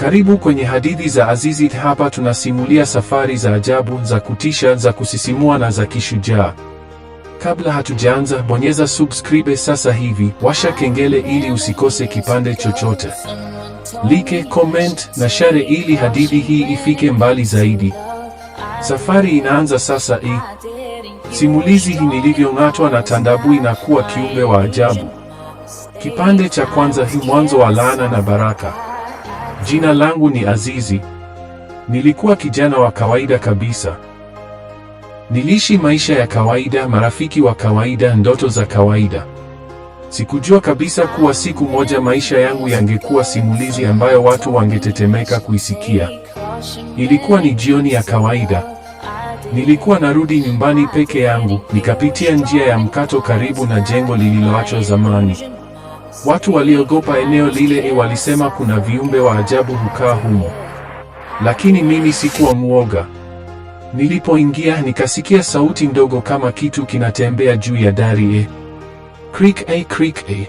Karibu kwenye hadithi za Azizi. Hapa tunasimulia safari za ajabu, za kutisha, za kusisimua na za kishujaa. Kabla hatujaanza, bonyeza subscribe sasa hivi, washa kengele ili usikose kipande chochote. Like, comment na share ili hadithi hii ifike mbali zaidi. Safari inaanza sasa. I simulizi hii nilivyong'atwa na Tandabui na kuwa kiumbe wa ajabu. Kipande cha kwanza: hii mwanzo wa laana na baraka. Jina langu ni Azizi. Nilikuwa kijana wa kawaida kabisa. Niliishi maisha ya kawaida, marafiki wa kawaida, ndoto za kawaida. Sikujua kabisa kuwa siku moja maisha yangu yangekuwa simulizi ambayo watu wangetetemeka kuisikia. Ilikuwa ni jioni ya kawaida. Nilikuwa narudi nyumbani peke yangu, nikapitia njia ya mkato karibu na jengo lililoachwa zamani. Watu waliogopa eneo lile e, walisema kuna viumbe wa ajabu hukaa humo. Lakini mimi sikuwa mwoga. Nilipoingia nikasikia sauti ndogo kama kitu kinatembea juu ya dari e. Creak a e, creak a. E.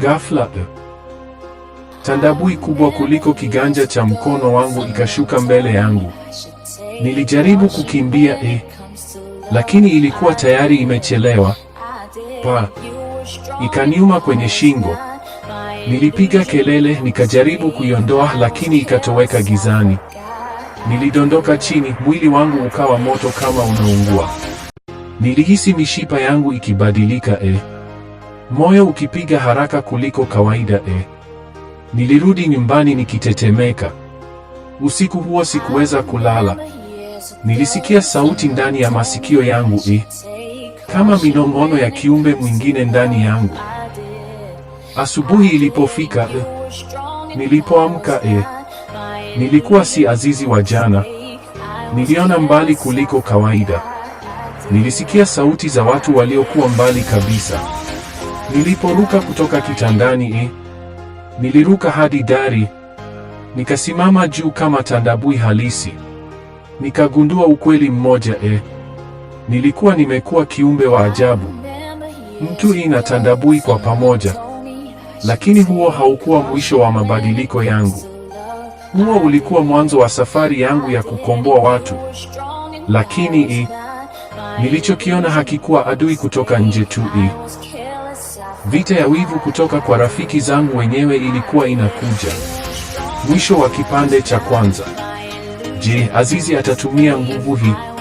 Ghafla e. Tandabui kubwa kuliko kiganja cha mkono wangu ikashuka mbele yangu. Nilijaribu kukimbia e. Lakini ilikuwa tayari imechelewa. Pa. Ikaniuma kwenye shingo. Nilipiga kelele, nikajaribu kuiondoa, lakini ikatoweka gizani. Nilidondoka chini, mwili wangu ukawa moto kama unaungua. Nilihisi mishipa yangu ikibadilika, eh, moyo ukipiga haraka kuliko kawaida, eh. Nilirudi nyumbani nikitetemeka. Usiku huo sikuweza kulala. Nilisikia sauti ndani ya masikio yangu, eh kama minong'ono ya kiumbe mwingine ndani yangu. Asubuhi ilipofika, eh, nilipoamka, eh, nilikuwa si Azizi wa jana. Niliona mbali kuliko kawaida. Nilisikia sauti za watu waliokuwa mbali kabisa. Niliporuka kutoka kitandani, eh, niliruka hadi dari. Nikasimama juu kama tandabui halisi. Nikagundua ukweli mmoja, eh, Nilikuwa nimekuwa kiumbe wa ajabu, mtui na tandabui kwa pamoja. Lakini huo haukuwa mwisho wa mabadiliko yangu. Huo ulikuwa mwanzo wa safari yangu ya kukomboa watu. Lakini i nilichokiona hakikuwa adui kutoka nje tu i vita ya wivu kutoka kwa rafiki zangu wenyewe ilikuwa inakuja. Mwisho wa kipande cha kwanza. Je, Azizi atatumia nguvu hii?